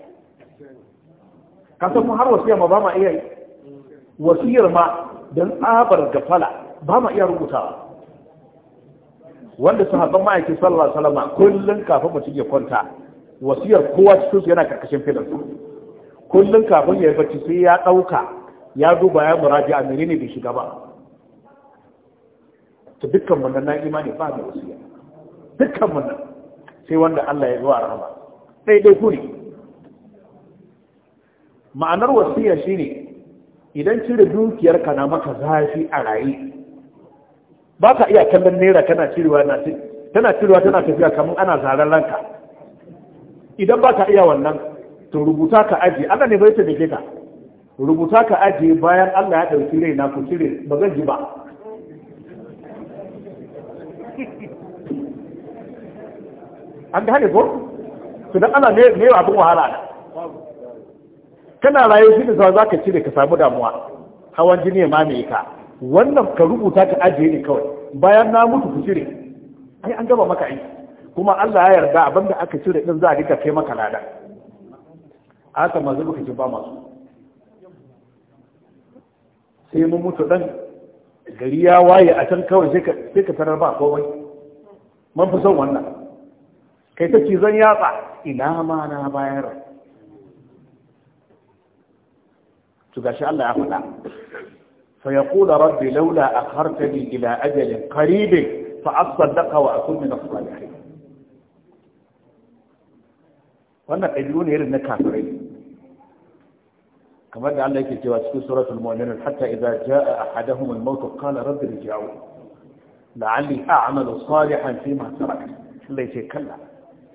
B: ka san har wasiyar ma ba ma iya wasiyar ma don tsabar gafala ba ma iya rubutawa wanda sahabban ma'aikin sallallahu alaihi wasallam kullum kafin mutum ya kwanta wasiyar kowa cikin su yana karkashin su kullum kafin ya yi bacci sai ya ɗauka ya duba ya muraji a ne bai shiga ba to dukkan wannan na imani ba da wasiya dukkan wannan sai wanda Allah ya zuwa rahama Sai dai ku ne ma'anar wasiya shine idan cire dukiyar ka na maka zafi a rayi ba ka iya kallon naira kana cirewa tana cirewa tana tafiya kamar ana zaran ranka idan ba ka iya wannan to rubuta ka aji. Allah ne bai ta dake ka rubuta ka aji bayan Allah ya dauki rai na ku cire ba zan ji ba an gane ko to dan Allah ne ne abin wahala da kana rayu shi da za ka cire ka samu damuwa hawan jini ya mamaye ka wannan ka rubuta ka aji ne kawai bayan na mutu ku cire ai an gaba maka aiki kuma Allah ya yarda abinda aka cire din za a rika kai maka lada haka mazu muka ci ba masu sai mun mutu dan gari ya waye a can kawai sai ka tarar ba komai Mun fi son wannan kai ta zan yatsa ina ma na bayar to gashi Allah ya faɗa fa yaqulu rabbi laula akhartani ila ajalin qaribin fa asaddaqa wa akun min as-salihin wannan ɗabi'u ne irin na kafirai kamar da Allah yake cewa cikin suratul mu'minun hatta idza jaa ahaduhum al-maut qala rabbi irji'u la'alli a'malu salihan fi ma tarak Allah yake kalla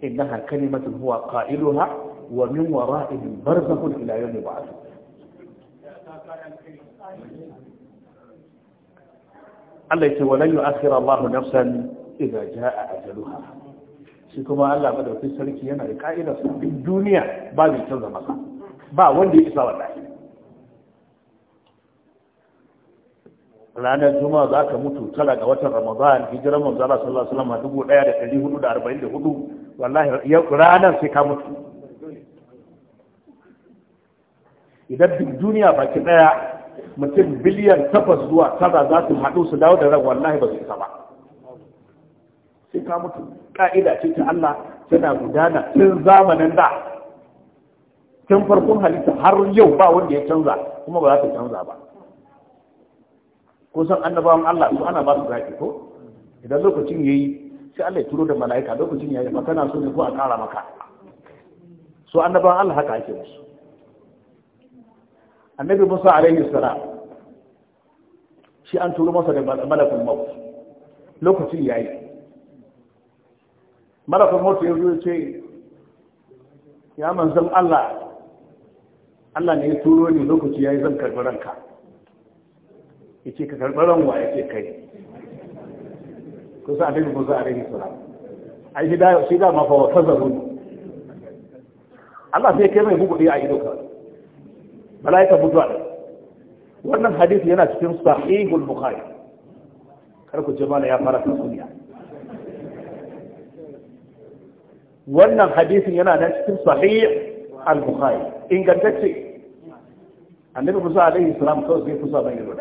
B: innaha kalimatun huwa qailuha wa min wara'ihim barzakhun ila yawm yub'ath Allah yake wa lan yu'akhkhira Allahu nafsan idza jaa ajaluha shi kuma Allah madaukakin sarki yana da ka'idar su duk duniya ba zai canza masa ba wanda ya isa wallahi ranar juma'a za ka mutu tara ga watan ramadan hijiran manzo Allah sallallahu alaihi wasallam dubu ɗaya da dari hudu da arba'in da hudu wallahi ranar sai ka mutu idan duk duniya baki ɗaya mutum biliyan takwas zuwa tara za su haɗu su dawo da ran wallahi ba su isa ba sai ka mutu ka'ida ce ta Allah tana gudana tun zamanin da tun farkon halitta har yau ba wanda ya canza kuma ba za ta canza ba ko san annabawan Allah su ana ba su zaki ko idan lokacin yayi sai Allah ya turo da mala'ika lokacin yayi ba kana so ne ko a ƙara maka so annabawan Allah haka ake musu annabi Musa alaihi salam shi an turo masa da malakul maut lokacin yayi marafa mota ya zuwa ce ya manzan Allah Allah ne ya turo ni lokaci ya yi zan karɓi ka, ya ce ka karbaran wa ya ce kai kusa a daga kusa a daga sura a yi shi da mafa wa kazaru Allah sai kai mai bugu a ido ka malaika mutuwa da wannan hadisi yana cikin sahihul bukhari kar ku ce ya fara tasuniya wannan hadisin yana nan cikin sahih al-bukhari ingantacce annabi musa alaihi salam kawai sai fusa bane yaro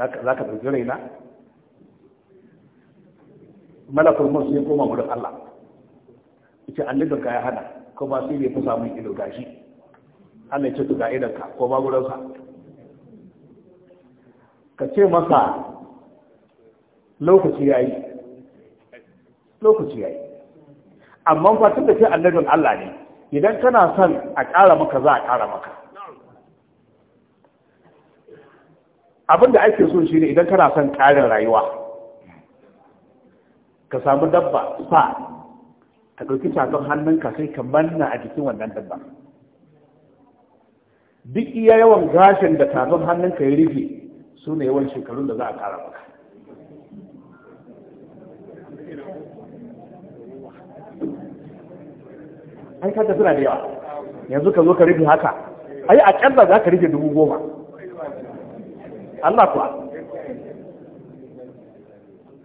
B: za ka ɗauki raina malakul musu ya koma wurin allah ita annabin ka ya hana kuma sai bai fusa mun ido gashi allah ya ce to ga idan ka ko ba gurinsa ka ce masa lokaci ya yi lokaci ya yi amma fa tun da ke annabin Allah ne idan kana son a ƙara maka za a ƙara maka abin da ake so shi ne idan kana son ƙarin rayuwa ka samu dabba sa ka ɗauki shafin hannunka sai ka manna a jikin wannan dabba duk iya yawan gashin da tafin hannunka ya rufe su ne yawan shekarun da za a ƙara maka An kata suna da yawa yanzu ka zo ka rufe haka ai a ƙyalla za ka rufe dubu goma Allah kuwa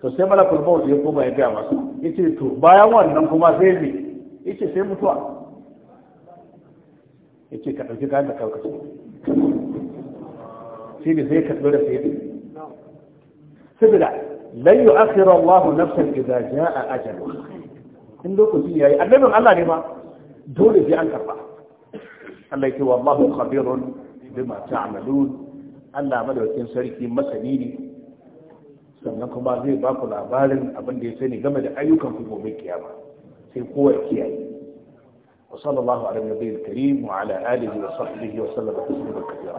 B: to sai malakul maut ya koma ya gaya masu ce to bayan wannan kuma zai ne ce sai mutuwa yace ka ɗauki kayan da kaukace shi ne sai ka dora sai ne saboda lan yu'akhiru Allahu nafsan idza jaa ajaluha in lokaci yayi annabin Allah ne ma dole sai an karba Allah yake wallahu khabirun bima ta'malun Allah madaukakin sarki masani ne sannan kuma zai ba ku labarin abin da ya sani game da ayyukan ku gobe kiyama sai kowa ya kiyaye wa sallallahu ala nabiyil karim wa ala alihi wa sahbihi wa sallama taslima kathira